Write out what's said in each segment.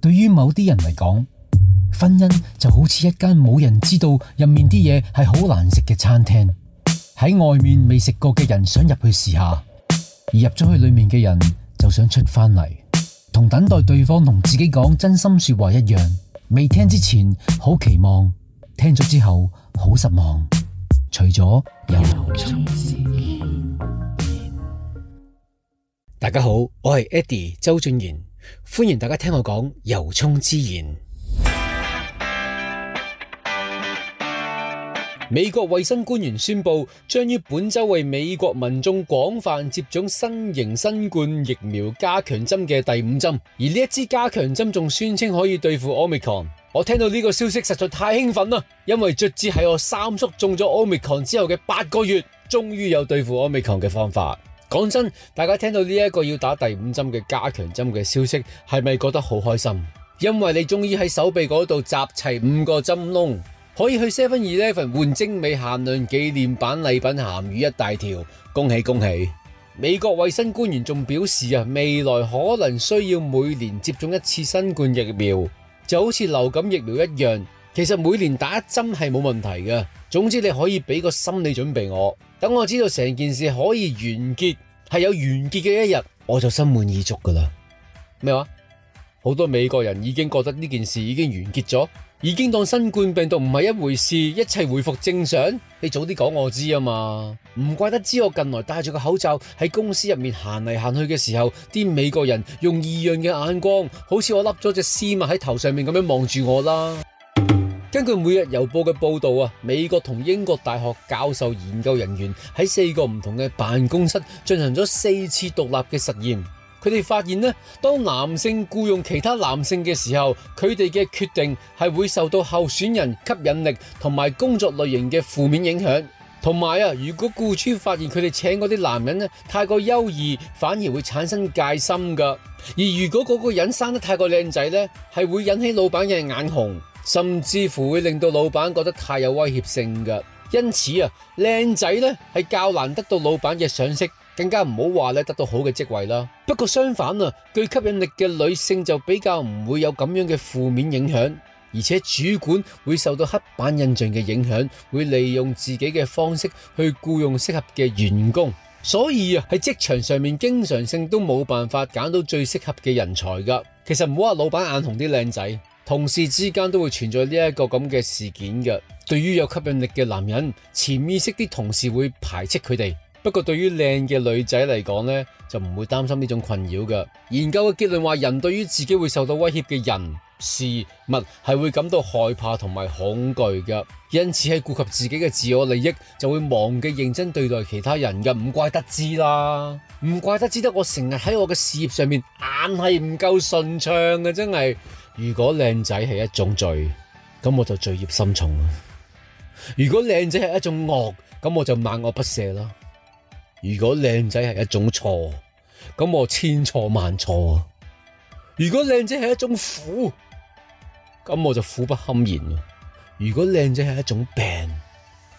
對於某啲人嚟講，婚姻就好似一間冇人知道入面啲嘢係好難食嘅餐廳。喺外面未食過嘅人想入去試下，而入咗去裏面嘅人就想出翻嚟，同等待對方同自己講真心說話一樣。未聽之前好期望，聽咗之後好失望。除咗有大家好，我係 Eddie 周俊賢。歡迎大家聽我講由衷之言。美國衛生官員宣佈，將於本周為美國民眾廣泛接種新型新冠疫苗加強針嘅第五針，而呢一支加強針仲宣稱可以對付 Omicron。我聽到呢個消息實在太興奮啦，因為卒之喺我三叔中咗 Omicron 之後嘅八個月，終於有對付 Omicron 嘅方法。講真，大家聽到呢一個要打第五針嘅加強針嘅消息，係咪覺得好開心？因為你終於喺手臂嗰度集齊五個針窿，可以去 Seven Eleven 換精美限量紀念版禮品鹹魚一大條，恭喜恭喜！美國衛生官員仲表示啊，未來可能需要每年接種一次新冠疫苗，就好似流感疫苗一樣。其實每年打一針係冇問題嘅，總之你可以俾個心理準備我等我知道成件事可以完結，係有完結嘅一日，我就心滿意足噶啦。咩話？好多美國人，已經覺得呢件事已經完結咗，已經當新冠病毒唔係一回事，一切回復正常。你早啲講我知啊嘛！唔怪得知我近來戴住個口罩喺公司入面行嚟行去嘅時候，啲美國人用異樣嘅眼光，好似我笠咗隻絲襪喺頭上面咁樣望住我啦。根據每日郵報嘅報道啊，美國同英國大學教授研究人員喺四個唔同嘅辦公室進行咗四次獨立嘅實驗。佢哋發現呢，當男性僱傭其他男性嘅時候，佢哋嘅決定係會受到候選人吸引力同埋工作類型嘅負面影響。同埋啊，如果僱主發現佢哋請嗰啲男人呢，太過優異，反而會產生戒心噶。而如果嗰個人生得太過靚仔呢，係會引起老闆嘅眼紅。甚至乎會令到老闆覺得太有威脅性噶，因此啊，靚仔呢係較難得到老闆嘅賞識，更加唔好話咧得到好嘅職位啦。不過相反啊，具吸引力嘅女性就比較唔會有咁樣嘅負面影響，而且主管會受到黑板印象嘅影響，會利用自己嘅方式去僱用適合嘅員工。所以啊，喺職場上面經常性都冇辦法揀到最適合嘅人才噶。其實唔好話老闆眼紅啲靚仔。同事之間都會存在呢一個咁嘅事件嘅。對於有吸引力嘅男人，潛意識啲同事會排斥佢哋。不過對於靚嘅女仔嚟講呢就唔會擔心呢種困擾嘅。研究嘅結論話，人對於自己會受到威脅嘅人事物係會感到害怕同埋恐懼嘅。因此係顧及自己嘅自我利益，就會忘記認真對待其他人嘅。唔怪得知啦，唔怪得知得我成日喺我嘅事業上面硬係唔夠順暢嘅，真係～如果靚仔係一種罪，咁我就罪孽深重啊！如果靚仔係一種惡，咁我就萬惡不赦咯！如果靚仔係一種錯，咁我千錯萬錯啊！如果靚仔係一種苦，咁我就苦不堪言啊！如果靚仔係一種病，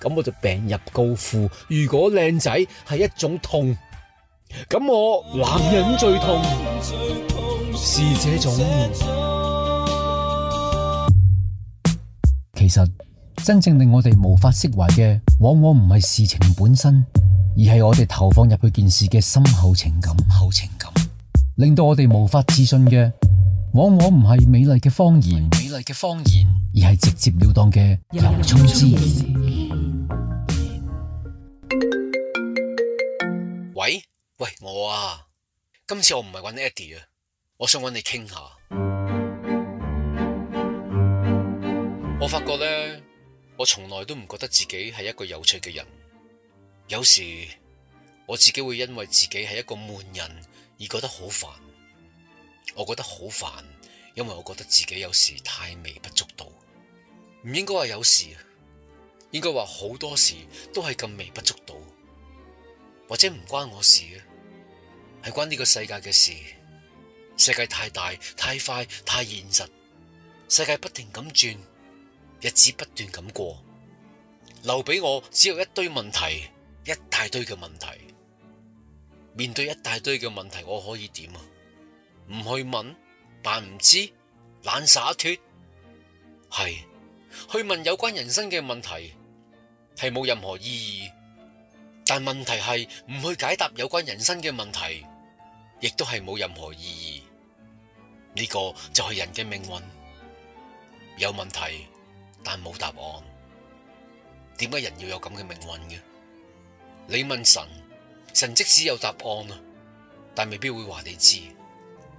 咁我就病入膏肓。如果靚仔係一種痛，咁我男人最痛，是這種。其實真正令我哋無法釋懷嘅，往往唔係事情本身，而係我哋投放入去件事嘅深厚情感。厚情感令到我哋無法置信嘅，往往唔係美麗嘅謊言，美麗嘅謊言，而係直接了當嘅由衷之言。喂喂，我啊，今次我唔係搵 Eddie 啊，我想搵你傾下。我發覺咧，我從來都唔覺得自己係一個有趣嘅人。有時我自己會因為自己係一個悶人而覺得好煩。我覺得好煩，因為我覺得自己有時太微不足道，唔應該話有時，應該話好多時都係咁微不足道，或者唔關我事嘅，係關呢個世界嘅事。世界太大、太快、太現實，世界不停咁轉。日子不斷咁過，留俾我只有一堆問題，一大堆嘅問題。面對一大堆嘅問題，我可以點啊？唔去問，扮唔知，懶灑脱，係去問有關人生嘅問題係冇任何意義。但問題係唔去解答有關人生嘅問題，亦都係冇任何意義。呢個就係人嘅命運有問題。但冇答案，點解人要有咁嘅命運嘅？你問神，神即使有答案啊，但未必會話你知。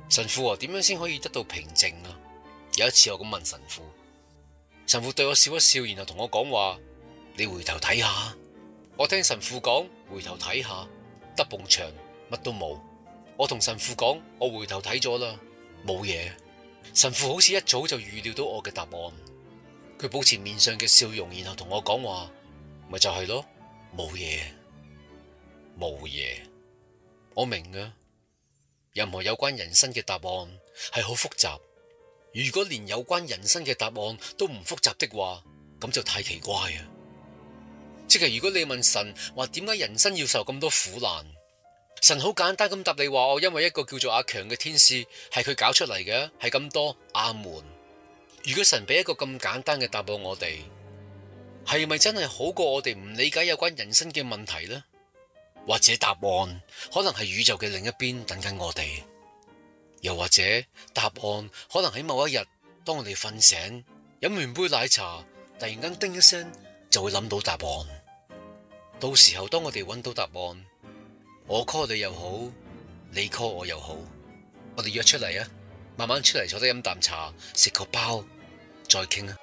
神父啊點樣先可以得到平靜啊？有一次我咁問神父，神父對我笑一笑，然後同我講話：你回頭睇下。我聽神父講，回頭睇下，得埲牆，乜都冇。我同神父講，我回頭睇咗啦，冇嘢。神父好似一早就預料到我嘅答案。佢保持面上嘅笑容，然後同我講話，咪就係咯，冇嘢，冇嘢，我明㗎。任何有關人生嘅答案係好複雜，如果連有關人生嘅答案都唔複雜的話，咁就太奇怪啊！即係如果你問神話點解人生要受咁多苦難，神好簡單咁答你話我，因為一個叫做阿強嘅天使係佢搞出嚟嘅，係咁多，阿門。如果神俾一個咁簡單嘅答案我哋，係咪真係好過我哋唔理解有關人生嘅問題呢？或者答案可能係宇宙嘅另一邊等緊我哋，又或者答案可能喺某一日當我哋瞓醒，飲完杯奶茶，突然間叮一聲就會諗到答案。到時候當我哋揾到答案，我 call 你又好，你 call 我又好，我哋約出嚟啊！慢慢出嚟坐低飲啖茶，食個包，再傾啊！